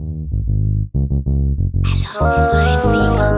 Hello, my finger.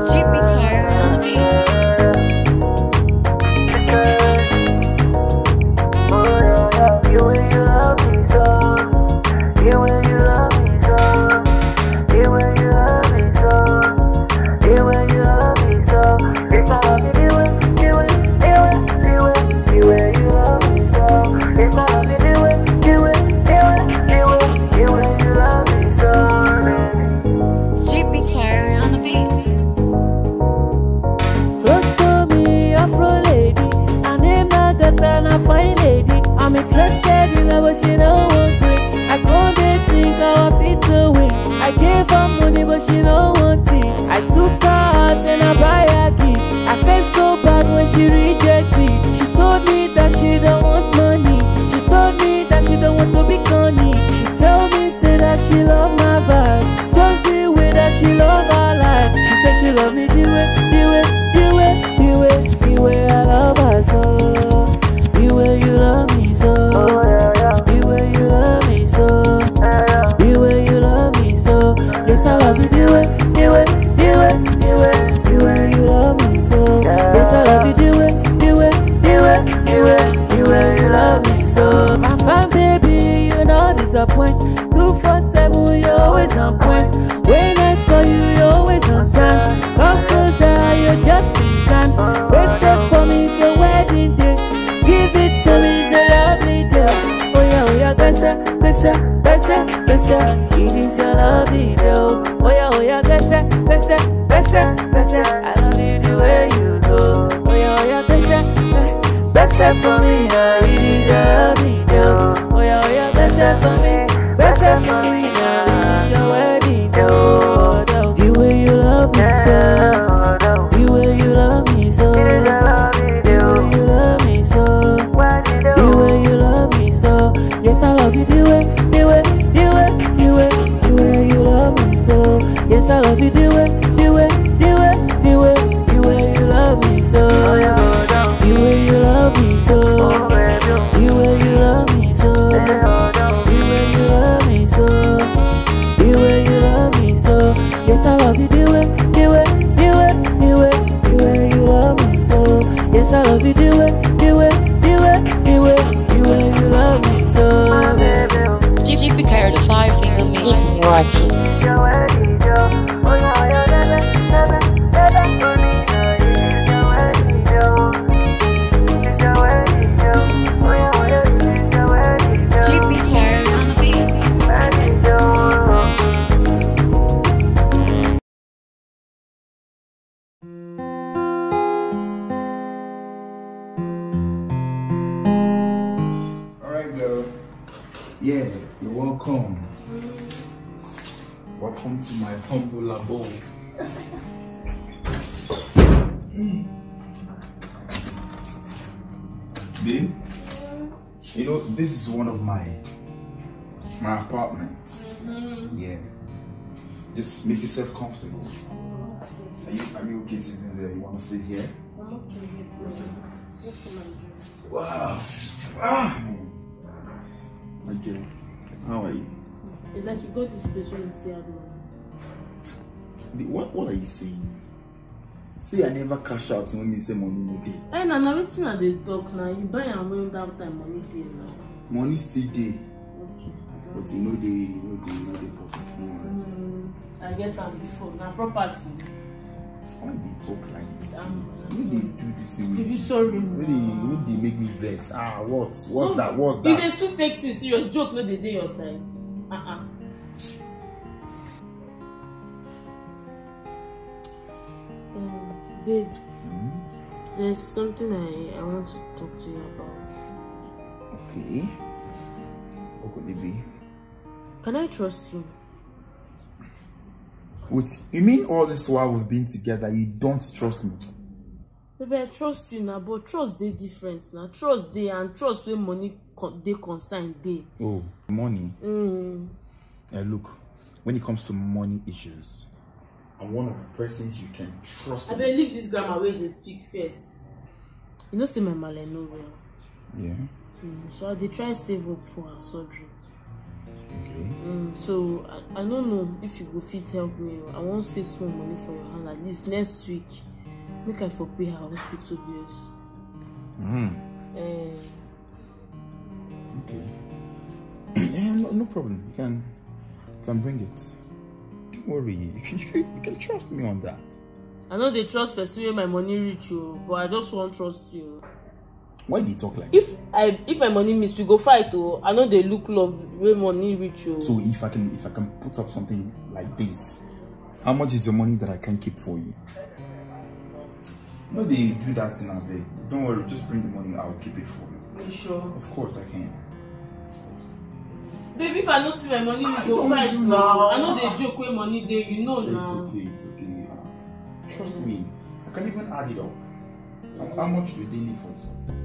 gbẹ́sẹ̀ ìdísẹ́ lọ́fíìdẹ́ o oya oya gbẹ́sẹ̀ gbẹ́sẹ̀ gbẹ́sẹ̀ gbẹ́sẹ̀ I love you the way you do oya oya gbẹ́sẹ̀ gbẹ́sẹ̀ for me. watching. my apartment. Mm-hmm. Yeah. Just make yourself comfortable. Oh, are you, are you okay sitting there? You want to sit here? I'm okay. Yeah. Wow. Ah. Okay. How are you? It's like you go to space when you see What, what are you saying? See, I never cash out when you say money no day. Hey, now, now, what's not the talk now? You buy and wait that time money day now. Money still day but you know they, you know they, you know they perfect no mm, i get that before now. property. why you talk like this you dey do this thing wey dey wey dey make me vex ah what what's no, that what's that. you they soon take this serious joke no they dey your side. Uh -uh. Um, babe, mm -hmm. there's something I, I want to talk to you about. Okay. What could it be? Can I trust you? Wait, you mean all this while we've been together, you don't trust me? Baby, I trust you now, but trust they different now. Trust they and trust where money con dey concerned dey. Oh, money? Mm. Uh, look, when it comes to money issues, I'm one of the persons you can trust. I believe this grammar where they speak first. You know, see my male no well. Yeah. Mm, so they try save up for her surgery. Okay. Mm, so I, I don't know if you go fit help me. I want save small money for your hand at least next week. Make I for pay her hospital bills. Mm. Uh, okay. yeah, eh, no, no problem. You can you can bring it. Don't worry. You can, you can trust me on that. I know they trust person my money reach you, but I just want trust you why dey talk like if i if my money miss we go fight oh. I no dey look love wey money reach oh! so if i can if i can put up something like this how much is your money that i can keep for you. no dey do that thing abeg don't worry just bring the money i will keep it for you. you sure. of course i can. baby if i no see my money you go fight na oh. i no dey joke wey money dey you know na. it's okay it's okay uh, trust me i can even add it up how, much do they need for this one.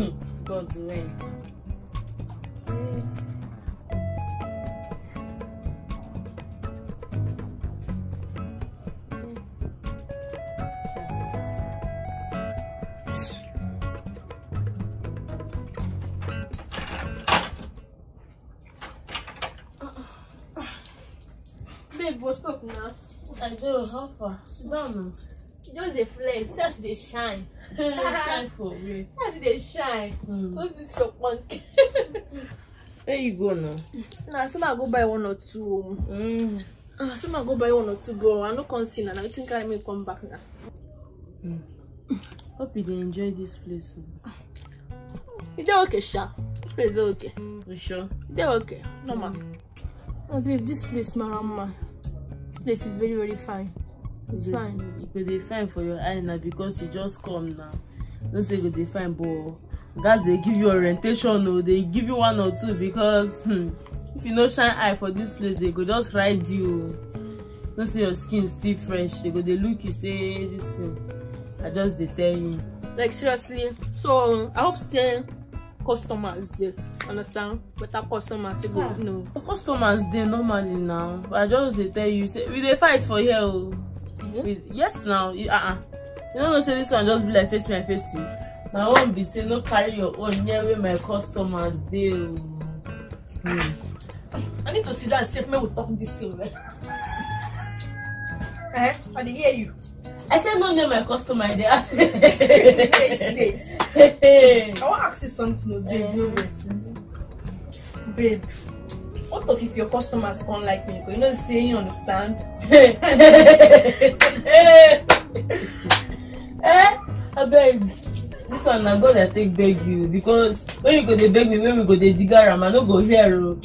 God reign. Babe, what's up now? I do? How far? you Just a flames, Just the shine. shine for me. As they shine. Mm. What's this so punk? Where you go now? Nah, some I go buy one or two. Oh. Mm. Uh, ah, some I go buy one or two go. I no concern and I think I may come back now. Mm. Hope you enjoy this place. Oh. Is that okay, Sha? This place is okay. You sure? Is that okay? No, ma. Mm. Oh, babe, this place, my Marama. This place is very, very fine. It's very fine. go dey fine for your eye na because you just come na no say you go dey fine but gas dey give you orientation o dey give you one or two because hmm, if you no shine eye for this place they go just ride you o no say your skin still fresh they go dey look you say this thing i just dey tell you. like seriously so i hope say customers dey understand better customers wey go you ah, know. customers dey normally now but i just dey tell you say we dey fight for here o. Oh. -hmm. with mm-hmm. yes now you, uh -uh. you don't know say this one just be like face me i face you my own be say no carry your own near where my customers dey o. Oh. Hmm. i need to sit down safe make we talk this thing well. Uh uh-huh. i dey hear you. i say no near my customer dey ask me. i wan ask you something o oh, babe no mm-hmm. babe what of if your customers come like me you know say you understand eh abeg this one na god i take beg you because when you go dey beg me when we go dey dig aram i no go hear o oh.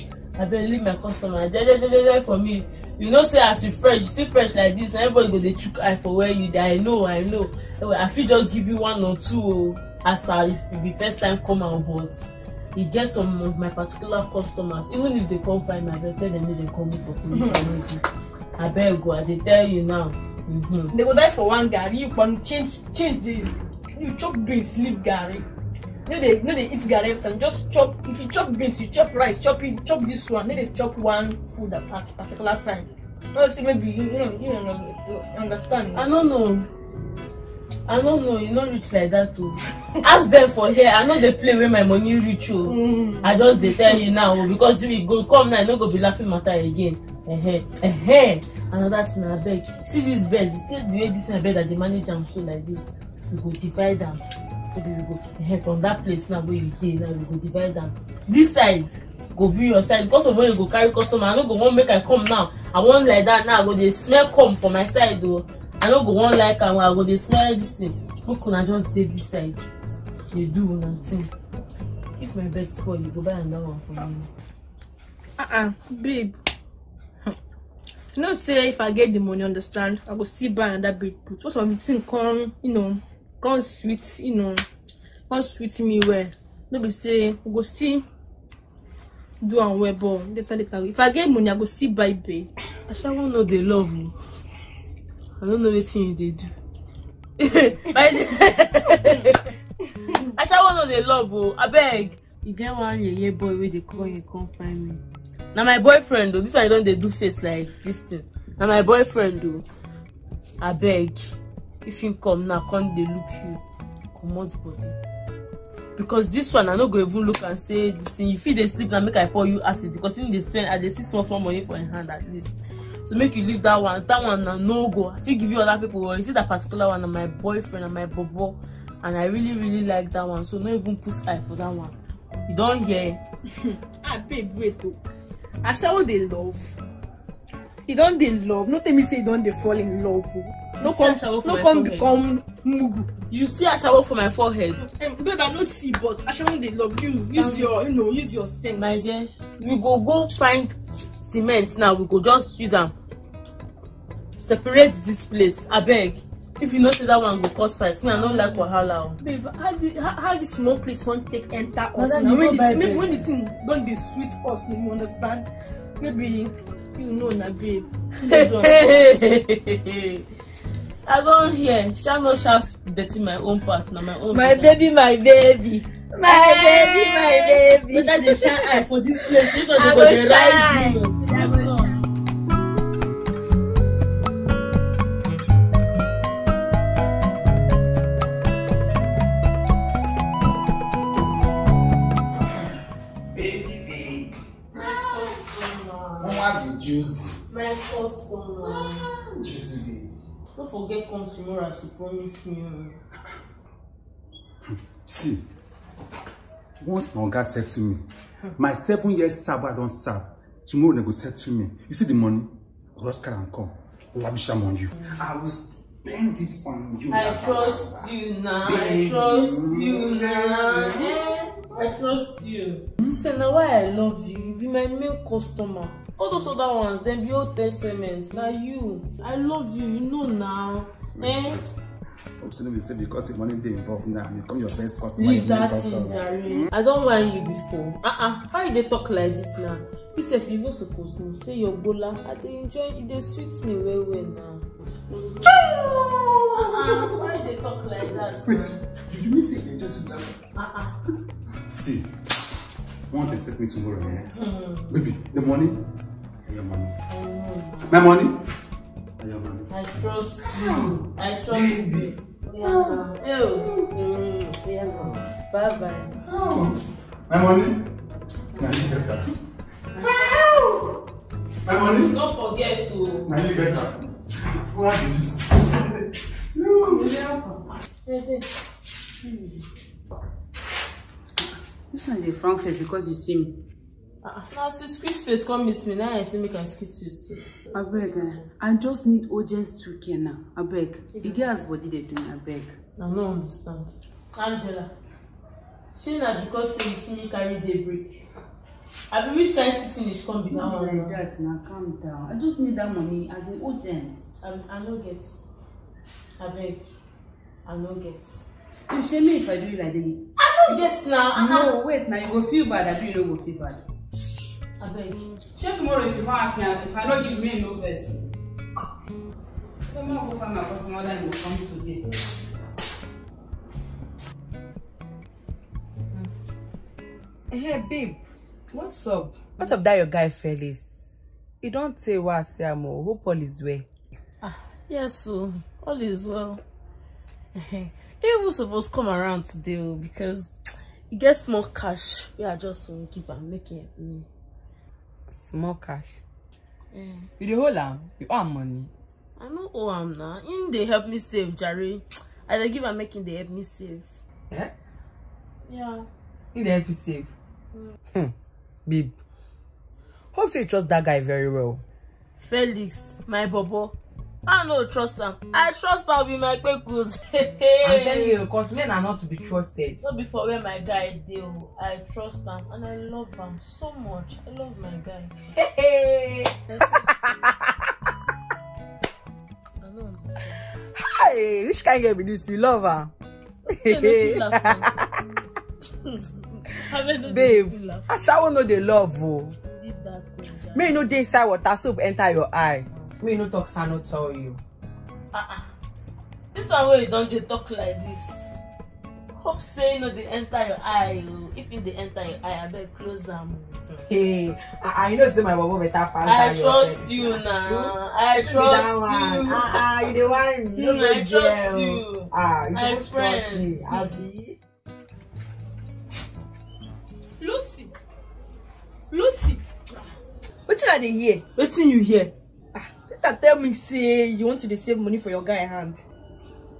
abeg leave my customer jejejeje for me you know say as you fresh you still fresh like this everybody go dey chook eye for where you dey i know i know i fit just give you one or two o oh, as per if you be first time come comer but e get some of my particular customers even if they come find me abeg tell them make they call me for food if i no you. abeg o oh, i dey tell you now. Mm -hmm. they go die for one garri you kpanu change change the you chop beans leaf garri no dey no dey eat garri every time just chop if you chop beans you chop rice chop chop this one no dey chop one food at particular time no say maybe you know you know understand. i no know i no know e no reach like that o oh. ask dem for here i no dey play wey my money reach o oh. mm. i just dey tell you now oh, because if e go come now e no go be laughing matter again uh-huh. Uh-huh. another thing abeg see this bed you see the way this my bed i dey manage am so like this we go divide am maybe we go uh-huh. from that place now wey you dey now we go divide am this side go be your side because of when you go carry customer i no go wan make i come now i wan like that now i go dey smell come for my side o i no go wan like am i go dey smell dis thing make una just dey dis side dey do una thing if my bed spoil you go buy another one for me. uh-uh babe you know say if i get the money understand i go still buy another bed put most of the thing come you know come sweet you know come sweet me well no be say I go still do am well but later later if i get money i go still buy bed. I ashawo know dey love you. Oh i don't know wetin you dey do asawo no dey love o abeg e get one yeye boy wey dey call him come find me na my boyfriend o this one don dey do face like this thing na my boyfriend o abeg if him come now come dey look you comot body because this one i no go even look am say this thing you fit dey sleep na make i pour you acid because him dey spend i dey see small small money for him hand at least To make you leave that one that one na no go i fit give you other people but you see that particular one na my boyfriend and my bobo and i really really like that one so no even put eye for that one you don hear. ah babe wait o oh. asawo dey love you don dey love no tell me say you don dey fall in love o oh. no come no come become mugu. you see asawo for my forehead. Um, babe i no see but asawo dey love you use um, your you know use your sense. my dear we go go find cement now we go just use am separate this place abeg if you know say that one go cause fight me i no like wahala o. babe how the how, how the small place wan take enter us na when the maybe when the thing don dey sweet us you understand maybe you know na babe. i don hear sha no sha dirty my own part na my own. my baby my baby. my baby my baby whether dey shine eye for dis place if not dem go dey Juicy. My first one. Juicy baby. Don't forget come tomorrow as you promised me. See, once my said to me my seven years serve wey i don serve tomorrow they go say to me you see the money i just come and come lavish am on you i will spend it on you. i trust you na i trust you now. eh i trust you. listen now why i love you you be my main customer all those other ones dem be old testament Now you i love you you know na. Eh? hope say say because the money dey involved now become your first customer leave that thing jare hmm? i don warn you before ah ah how you dey talk like this now you sef you even suppose know say your gbola i dey enjoy e dey sweet me well well now. choo. Uh-uh. why you dey talk like that. wait you mean say you dey enjoy sit down. Uh-uh. see want to set me tomorrow eh? mm. baby the money and your money. Mm. my money and your money. i trust you i trust you. No. Ew. yeah, Bye bye. My money? Now you get that. My money? Don't forget to. Now you get that. What is this? This one is a front face because you see me. Ah. na she squeeze face come meet me now i say make i squeeze face too. abeg eh, i just need urgent two care now abeg the girls' body dey do me abeg. i no understand angela shey na because say you see me carry day break abi which kind see finish come be that one. no be like that na calm down i just need that money as in urgent. i i no get abeg i no get. you shame me if i do you like that. i no get na. no wait na you go feel bad abi you no go feel bad. abeg shey tomorrow if you want ask me if i no give me no Come on, go find my boss customer that will come today. Mm. Hey babe, what's up? What of that your guy Felix? You don't say what say am o. Hope all is well. Ah, yes o. All is well. he was supposed to come around today o oh, because he gets more cash We are just wan keep am make e. Mm. small cash eh. you dey hold am you owe am money i no owe am na him dey help me save jare i dey give am make him dey help me save eh? Yeah. yeah him dey help you save hmm. hmm babe hope say you trust dat guy very well felix my bobo I no trust am. I trust am with my kpekus. I'm telling you, cause men are not to be trusted. No be for where my guy dey o. Oh. I trust am and I love am so much. I love my guy. Hey, hey. I no understand. Hi, which kind girl be this? You love am? Babe, Ashawo no dey love o. Make e no dey inside water soap enter your eye. wey no talk say no tell you. ah ah this one wey you don't dey talk like this hope say no dey enter your eye if e dey enter your eye I better close them. Hey, I, I know say my bobo better pass I than yours. I trust you now. True? I trust you. Ah, ah, you the one. You no, I trust jail. you. Ah, you my friend. trust me, Abi. Lucy, Lucy. Wetin I dey hear? Wetin you hear? later tell me say you want to save money for your guy hand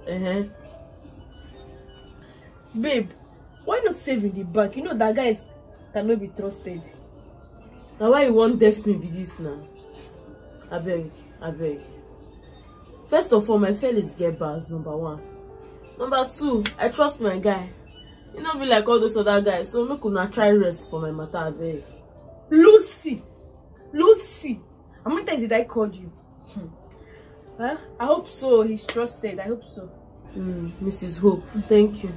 uh -huh. babe why not save in the bank you know that guy cannot be trusted Now why you wan def me be this beg, I beg. first of all my is get bars number one number two i trust my guy e no be like all those other guys so make not try rest for my matter I beg. lucy lucy how many times did i call you Hmm. huh? I hope so. He's trusted. I hope so. Mm, Mrs. Hope, thank you.